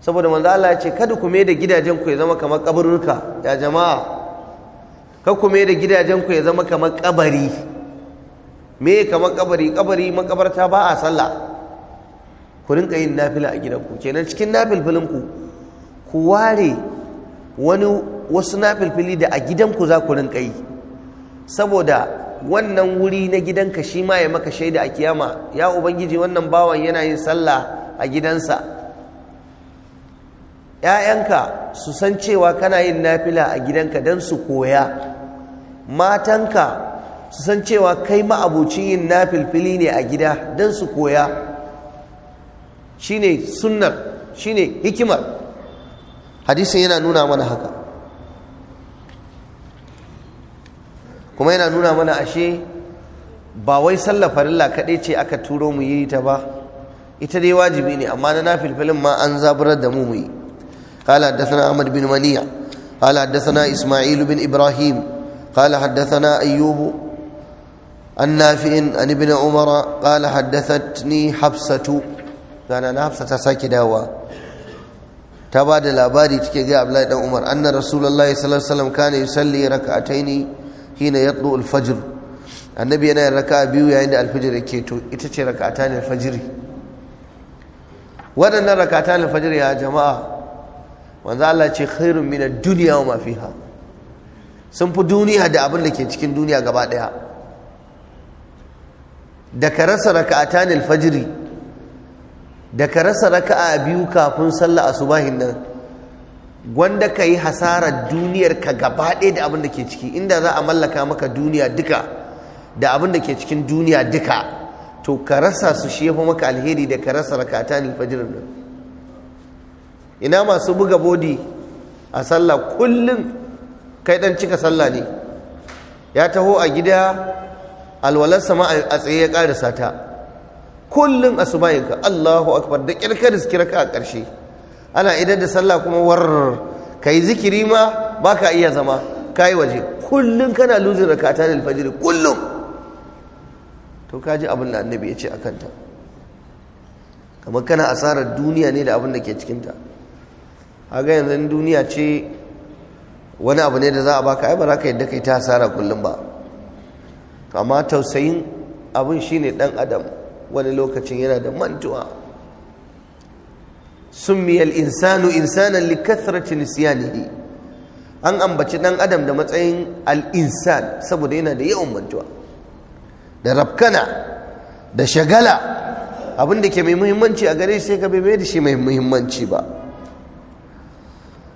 saboda manzo Allah ya ce kada ku da gidajen ku ya zama kamar kaburruka ya jama'a Ka ku da gidajen ku ya zama kamar kabari me kamar kabari kabari makabarta ba a sallah ku rinka yin nafila a gidanku kenan cikin nafilfilin ku ku ware wani wasu na filfili da a gidanku za ku rinka yi saboda wannan wuri na gidanka shi ma ya maka shaida a kiyama ya ubangiji wannan bawan yana yin sallah a gidansa ‘ya'yanka su san cewa kana yin nafila a gidanka don su koya matanka su san cewa kai ma'abucin yin nafilfili ne a gida don su koya shine sunnar shine hikimar hadisin yana nuna mana haka kuma yana nuna mana ashe ba wai sallah farilla kaɗai ce aka turo mu yi ta ba ita dai wajibi ne amma na nafilfilin ma an zaburar da mu mu yi قال حدثنا أحمد بن منيع قال حدثنا إسماعيل بن إبراهيم قال حدثنا أيوب النافع عن ابن عمر قال حدثتني حفصة قال أنا حفصة ساكي داوا تبادل الأباري تكي قال عبد الله بن عمر أن رسول الله صلى الله عليه وسلم كان يصلي ركعتين hina yatlu al annabi yana yin biyu yayin da alfajir yake to ita ce raka'atan al alfajiri waɗannan raka'atan al alfajiri ya jama'a manzo Allah ce khairun min ad-dunya wa ma fiha sun fi duniya da abin da ke cikin duniya gaba daya da ka rasa raka'atan al alfajiri da ka rasa raka'a biyu kafin sallah asubahin nan gwanda ka yi hasarar duniyar ka gaba ɗaya da abin da ke ciki inda za a mallaka maka duniya duka da abin da ke cikin duniya duka to ka rasa su shi yafi maka alheri da ka rasa rakata ne fajirin nan ina masu buga bodi a sallah kullum kai dan cika sallah ne ya taho a gida alwalarsa sama a tsaye ya ƙarisa ta kullum a subayinka allahu akbar da ƙirƙar riski raka a ƙarshe ana idan da sallah kuma war yi zikiri ma ba ka iya zama ka yi waje kullum kana luzin rakata da alfajiri kullum to ji abin da annabi ya ce a kanta kamar kana asarar duniya ne da abin da ke cikinta haga yanzu duniya ce wani abu ne da za a baka ai ba za ka yadda kai ta asara kullum ba amma tausayin abin shine dan adam wani lokacin yana da mantuwa summiya al-insanu insanan li kathrati an ambaci dan adam da matsayin al saboda yana da yawan mantuwa da rabkana da shagala abin da ke mai muhimmanci a gare sai ka bai da shi mai muhimmanci ba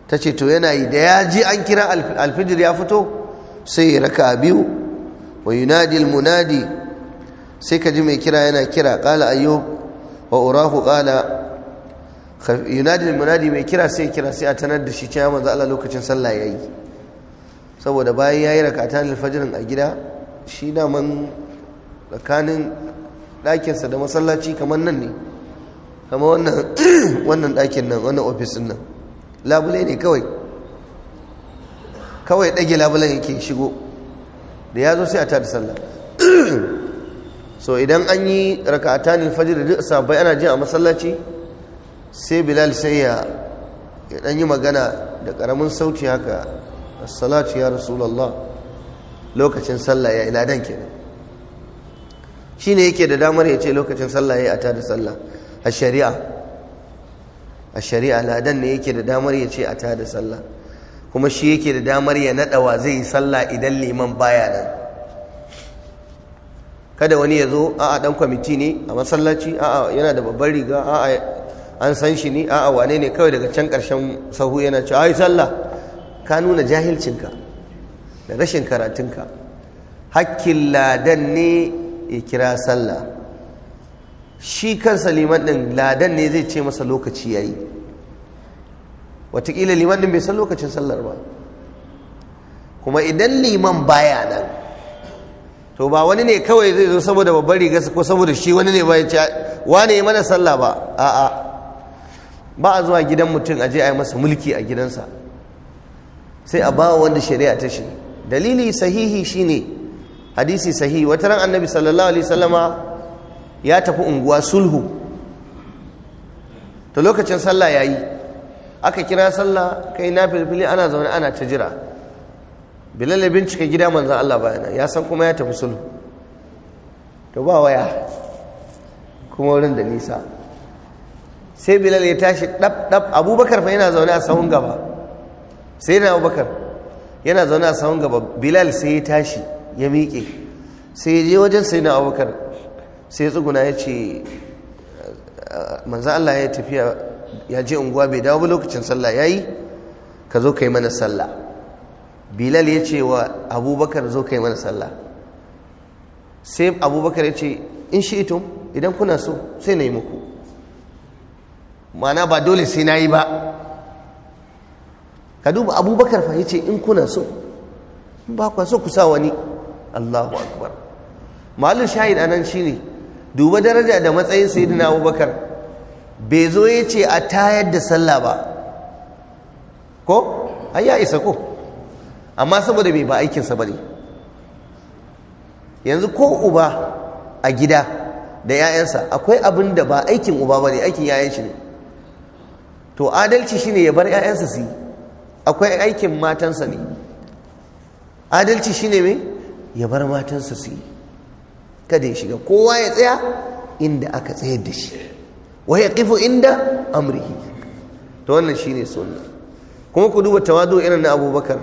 ta ce to yana yi da ya an kira alfijir ya fito sai ya raka biyu wa yunadi munadi sai ka ji mai kira yana kira kala ayyub wa urahu kala yunadi munadi mai kira sai kira sai a tanar da shi cewa manzo Allah lokacin sallah yayi saboda bayan yayi rakatan alfajirin a gida shi man tsakanin ɗakinsa da masallaci kamar nan ne kama wannan wannan ɗakin nan wannan ofis nan labule ne kawai kawai ɗage labulen yake shigo da ya zo sai a ta da sallah so idan an yi raka'atan alfajr duk sabai ana jin a masallaci sai bilal sai ya ɗan yi magana da ƙaramin sauti haka assalatu ya rasulallah lokacin sallah ya iladan kenan shi ne yake da damar ya ce lokacin sallah ya yi a tada sallah a shari'a a shari'a ladan ne yake da damar ya ce a tada sallah kuma shi yake da damar ya naɗa wa zai yi sallah idan liman baya nan kada wani ya zo a'a dan kwamiti ne a masallaci a'a yana da babbar riga a an san shi ni a'a wane ne kawai daga can karshen sahu yana cewa ai sallah ka nuna jahilcinka da rashin karatunka hakkin ladan ne ya kira sallah shi kansa liman ɗin ladan ne zai ce masa lokaci ya yi watakila liman ɗin bai san lokacin sallar ba kuma idan liman baya nan to ba wani ne kawai zai zo saboda babbar rigarsa ko saboda shi wani ne ba ya ce wane mana sallah ba a'a ba a zuwa gidan mutum a je a yi masa mulki a gidansa sai a bawa wanda shari'a ta shi dalili sahihi shine hadisi sahihi wata ran annabi sallallahu alaihi sallama ya tafi unguwa sulhu ta lokacin sallah ya yi aka kira sallah kai na filfili ana zaune ana ta jira bilal ya bincika gida manzon Allah bayana ya san kuma ya tafi sulhu to ba waya kuma wurin da nisa sai bilal ya tashi ɗab ɗab abubakar fa yana zaune a sahun gaba sai na abubakar yana zaune a sahun gaba bilal sai ya tashi ya miƙe sai ya je wajen sai na abubakar sai ya tsuguna ya ce manzan allah ya tafiya ya je unguwa bai dawo ba lokacin sallah ya yi ka zo ka yi mana sallah bilal ya ce wa abubakar zo ka yi mana sallah sai abubakar ya ce in shi ito idan kuna so sai na yi muku mana ba dole sai na yi ba ka duba abubakar fa yace in kuna so in ba kwa so ku sa wani Allahu akbar malu shahid anan ne. duba daraja da matsayin sayyidina abubakar bai zo ce a tayar da sallah ba ko ai ya isa ko amma saboda bai ba aikinsa ba ne yanzu ko uba a gida da 'ya'yansa akwai abin da ba aikin uba ba ne aikin 'ya'yan shi ne to adalci shine ya bar 'ya'yansa su yi akwai aikin matansa ne adalci shine me ya bar matansa su yi kada ya shiga kowa ya tsaya inda aka tsayar da shi waye ya inda amrihi Ta wannan shine sunna kuma ku duba tawadu irin na abubakar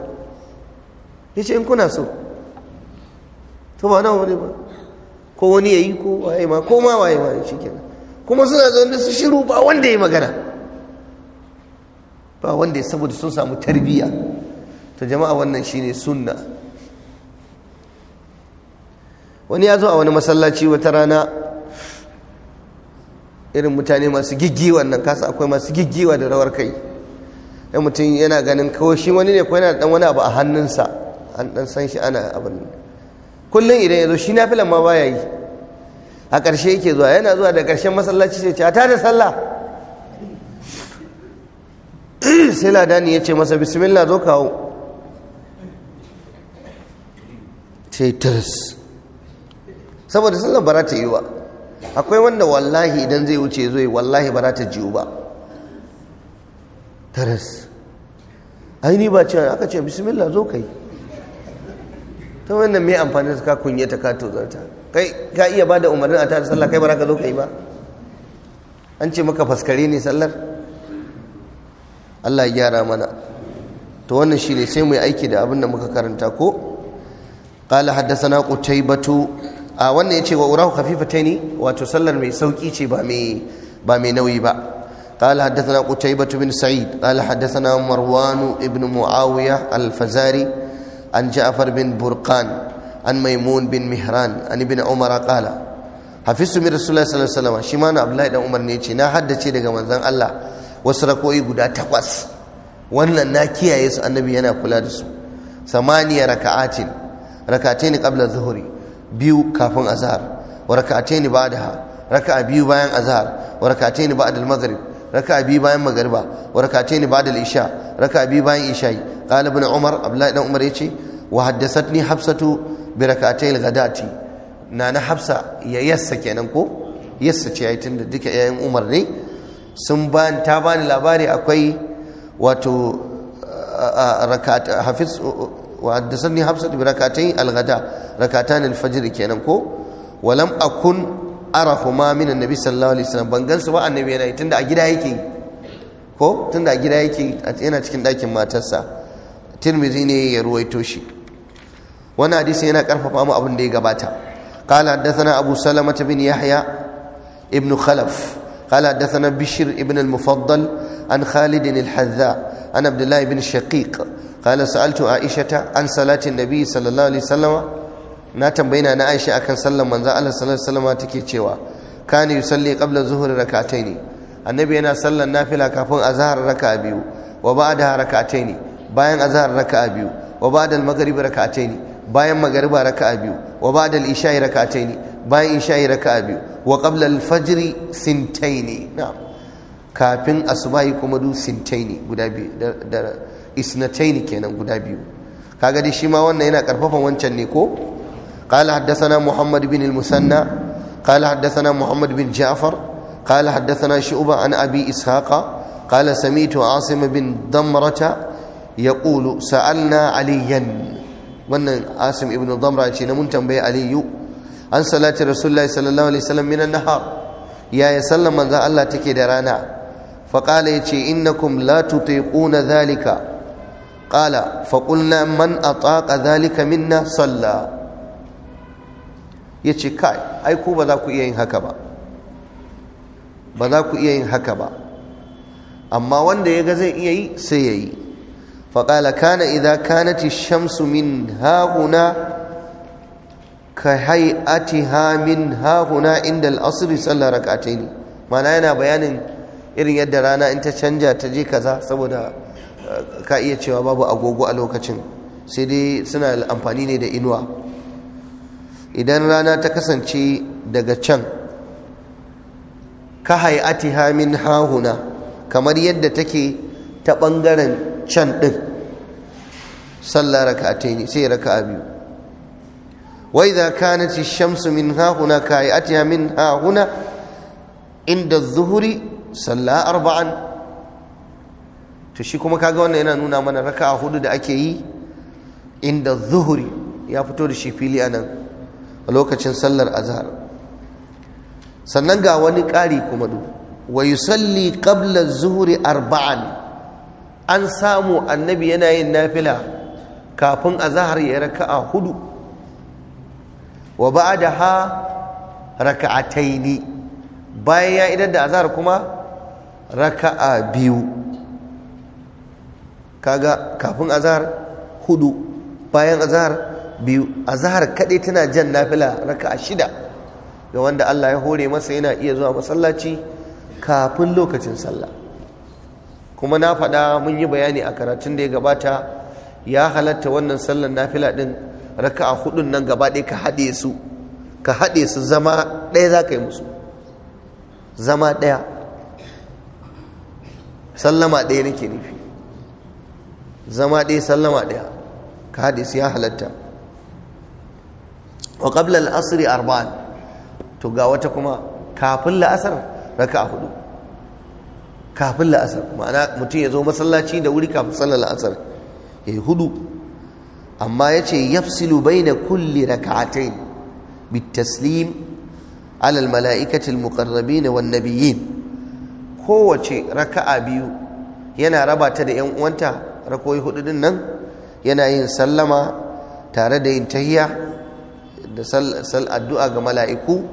Ya ce in kuna so to ba nawa ne ba ko wani ya yi ko waye ma ko ma waye ma shikenan kuma suna zaune su shiru ba wanda ya magana ba wanda ya saboda sun samu tarbiyya ta jama'a wannan shine sunna wani ya zo a wani masallaci wata rana irin mutane masu giggiwa nan kasa akwai masu giggiwa da rawar kai ya mutum yana ganin kawai shi wani ne ko yana dan wani abu a hannunsa an dan san shi ana abin kullum idan ya zo shi nafilan ma baya yi a ƙarshe yake zuwa yana zuwa da ƙarshen masallaci sai ce a tada sallah sai ladani ya ce masa bismillah zo kawo ce saboda sallar ba ta yi ba akwai wanda wallahi idan zai wuce zai wallahi ba ta jiyu ba tirs aini ba ce aka ce bismillah zo kai ta wannan mai amfani da ka kunyata ka tozarta kai ka iya ba da umarnin a ta sallah kai ba za ka zo kai ba an ce maka faskare ne sallar Allah gyara mana to wannan shi ne sai mu yi aiki da abin da muka karanta ko ƙala haddasa na kutai batu a wannan ya ce wa urahu hafifa ta ne wato sallar mai sauƙi ce ba mai nauyi ba ƙala haddasa na kutai batu bin sa'id ƙala haddasa na marwanu ibn mu'awiya alfazari an ja'afar bin burkan an maimun bin mihran an ibn umar ƙala hafisu min rasulullahi sallallahu alaihi wasallam shi dan umar ne ce na haddace daga manzon Allah wasu rako'i guda takwas wannan na kiyaye su annabi yana kula da su samaniya raka'atin raka'ataini qabla zuhuri biyu kafin azhar wa raka'ataini ba'daha raka'a biyu bayan azhar wa raka'ataini ba'da al-maghrib raka'a biyu bayan magriba wa raka'ataini ba'da al-isha raka'a biyu bayan isha'i qala ibn umar abdullahi dan umar yace wa haddathatni hafsatu bi raka'atayil ghadati nana hafsa ya yassa kenan ko yassa ce yayin da duka yayin umar ne sun ba ta bani labari akwai wato rakata hafiz wa haddathani hafsat bi rakatayn al-ghada rakatan al-fajr kenan ko walam akun arafu ma min annabi sallallahu alaihi wasallam ban gansu ba annabi yana tunda a gida yake ko tunda a gida yake yana cikin dakin matarsa tirmidhi ne ya ruwaito shi wannan hadisi yana karfafa mu abin da ya gabata qala haddathana abu salama bin yahya ibn khalaf قال حدثنا بشر ابن المفضل عن خالد الحذاء عن عبد الله بن الشقيق قال سألت عائشة عن صلاة النبي صلى الله عليه وسلم ناتم بين أنا عائشة أكن سلم من زال صلى الله عليه وسلم تكي كان يصلي قبل ظهر ركعتين النبي أنا صلى النافلة كفون أزهر ركع بيو وبعدها ركعتين باين أزهر ركع بيو وبعد المغرب ركعتين باين مغرب ركع بيو وبعد الإشاء ركعتين bayan isha'i raka'a biyu wa qabla al-fajr sintaini kafin asubahi kuma du sintaini guda biyu da isnataini kenan guda biyu kaga dai shi ma wannan yana karfafa wancan ne ko قال حدثنا محمد بن المثنى قال حدثنا محمد بن جعفر قال حدثنا شعبة عن أبي إسحاق قال سميت عاصم بن ضمرة يقول سألنا عليا wannan asim ibn damra ce na mun tambaye aliyu an salati rasulullahi sallallahu alaihi wasallam minan nahar yaya sallan manzon Allah take da rana fa qala yace innakum la tutiquna dhalika qala fa qulna man ataqa dhalika minna salla yace kai ai ku ba za ku iya yin haka ba ba za ku iya yin haka ba amma wanda ya ga zai iya yi sai ya yi faƙala kana idza kanati shamsu min ha'una ka hai min hahuna inda al'asri sallar ne. mana yana bayanin irin yadda rana in ta canja ta je kaza saboda eh, ka iya cewa babu agogo a lokacin sai dai suna amfani ne da inuwa idan rana ta kasance daga can ka hai min hahuna kamar yadda take ta bangaren can ɗin sallar ne, sai raka'a biyu وإذا كانت Shamsu من ها هنا كهيئتها من ها هنا عند الظهر صلى أربعا to shi kuma kaga wannan yana nuna mana raka'a hudu da ake yi inda zuhuri ya fito da shi fili anan. nan lokacin sallar azahar. sannan ga wani ƙari kuma du wa yusalli qabla zuhuri arba'an an samu annabi yana yin nafila kafin azahar ya raka'a hudu wa ha raka'ataini bayan ya idan da azahar kuma raka'a biyu kaga kafin azahar hudu bayan azahar biyu Azahar kadai tana jan nafila raka'a shida ga wanda Allah ya hore masa yana iya zuwa masallaci kafin lokacin sallah kuma na faɗa mun yi bayani a karatun da ya gabata ya halatta wannan sallar nafila ɗin. raka'a hudun nan gaba ɗaya ka haɗe su ka haɗe su zama ɗaya za ka yi musu zama ɗaya sallama ɗaya nake nufi zama ɗaya sallama ɗaya ka haɗe su ya halatta wa qabla al arba'an to ga wata kuma kafin la'asar raka'a hudu kafin la'asar ma'ana mutum ya zo masallaci da wuri kafin sallar la'asar ya yi hudu amma ya yace yafsilu baina kulli rak'atayn bitaslim alal mala'ikatil mala'ikati al na kowace raka'a biyu yana raba ta da yan uwanta rakoyi hudu din nan yana yin sallama tare da yin tahiya da sal addu'a ga mala'iku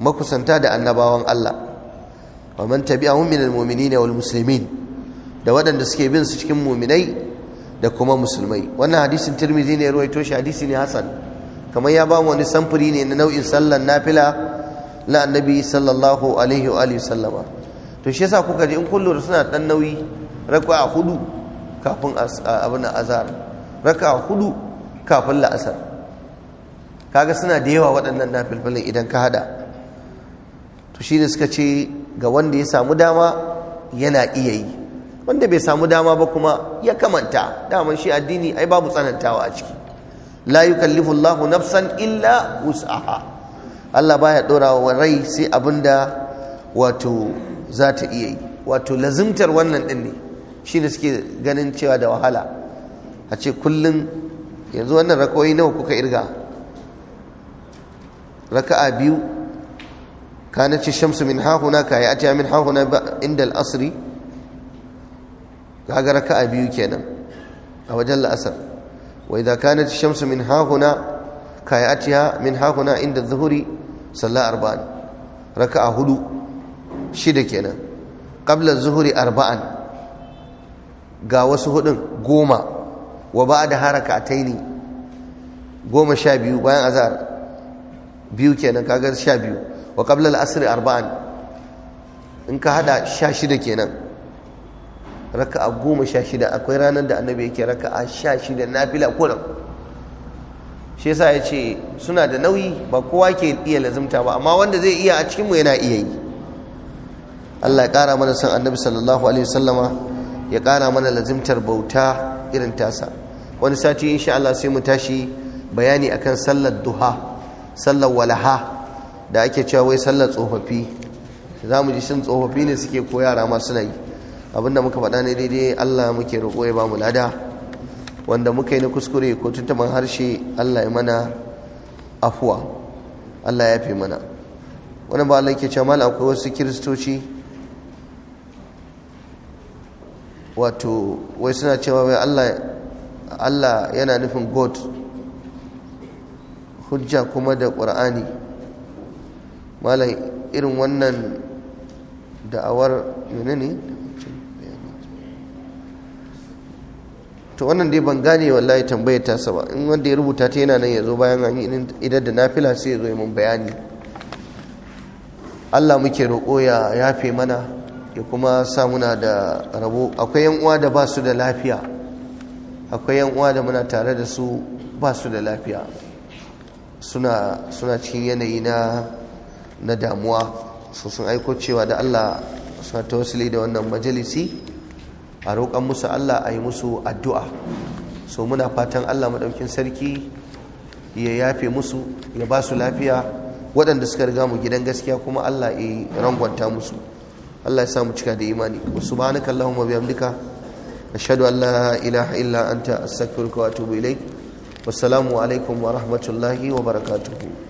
makusanta da annabawan Allah wa man tabi'ahum minal mu'minina wal muslimin da waɗanda suke bin su cikin muminai da kuma musulmai wannan hadisin tirmidhi ne ruwaito shi hadisi ne hasan kamar ya ba mu wani samfuri ne na nau'in sallar nafila na annabi sallallahu alaihi wa sallama to shi yasa kuka ji in kullum suna dan nauyi a hudu kafin abin azhar a hudu kafin la'asar kaga suna da yawa waɗannan nafilfilin idan ka hada to shi ne suka ce ga wanda ya samu dama yana iya yi wanda bai samu dama ba kuma ya kamanta daman shi addini ai babu tsanantawa a ciki la yukallifu Allahu nafsan illa wus'aha Allah baya dora wa rai sai abinda wato za ta iya yi wato lazimtar wannan din ne shine suke ganin cewa da wahala a ce kullum yanzu wannan rakoyi nawa kuka irga raka'a biyu kanat shamsu min hahuna kayi ya atiya min hahuna inda al-asri kaga raka'a biyu kenan a wajen la'asar wa idza kanat shamsu min hahuna kayatiha min hahuna inda zuhuri salla arba'an raka'a hudu shida kenan qabla zuhuri arba'an ga wasu hudun goma wa ba'da ataini goma sha biyu bayan azhar biyu kenan kaga sha biyu wa qabla al arba'an in ka hada sha shida kenan raka'a goma sha shida akwai ranar da annabi yake raka'a sha shida nafila kuna shi yasa ya ce suna da nauyi ba kowa ke iya lazimta ba amma wanda zai iya a cikinmu yana iya yi Allah ya kara mana san annabi sallallahu alaihi wasallama ya kara mana lazimtar bauta irin tasa wani sati insha Allah sai mu tashi bayani akan sallar duha sallar walaha da ake cewa wai sallar tsofaffi za mu ji shin tsofaffi ne suke ko yara ma suna yi abinda muka faɗa ne daidai Allah muke roƙo ya bamu lada wanda muka yi na kuskure ko tuntuman harshe Allah ya mana afuwa Allah ya fi mana wani ba Allah ke cewa akwai wasu kiristoci wato wai suna cewa wai Allah yana nufin God hujja kuma da ƙur'ani malai irin wannan da'awar menene ne to wannan dai ban gane wallahi tambayar ta ba in wanda ya rubuta ta yana nan ya zo bayan an yi idan da nafila sai ya zo mun bayani Allah muke roƙo ya yafe mana ya kuma sa muna da rabo akwai yan uwa da ba su da lafiya akwai yan uwa da muna tare da su ba su da lafiya suna suna cikin yanayi na na damuwa sun aiko cewa da Allah suna tawassuli da wannan majalisi a roƙon musu Allah a yi musu addu'a so muna fatan Allah maɗaukin sarki ya yafe musu ya ba su lafiya waɗanda suka riga mu gidan gaskiya kuma Allah ya rangwanta musu Allah ya sa mu cika da imani wa subhanaka allahumma bihamdika ashhadu an la ilaha illa anta astaghfiruka wa atubu ilaik wassalamu alaikum wa rahmatullahi wa barakatuhu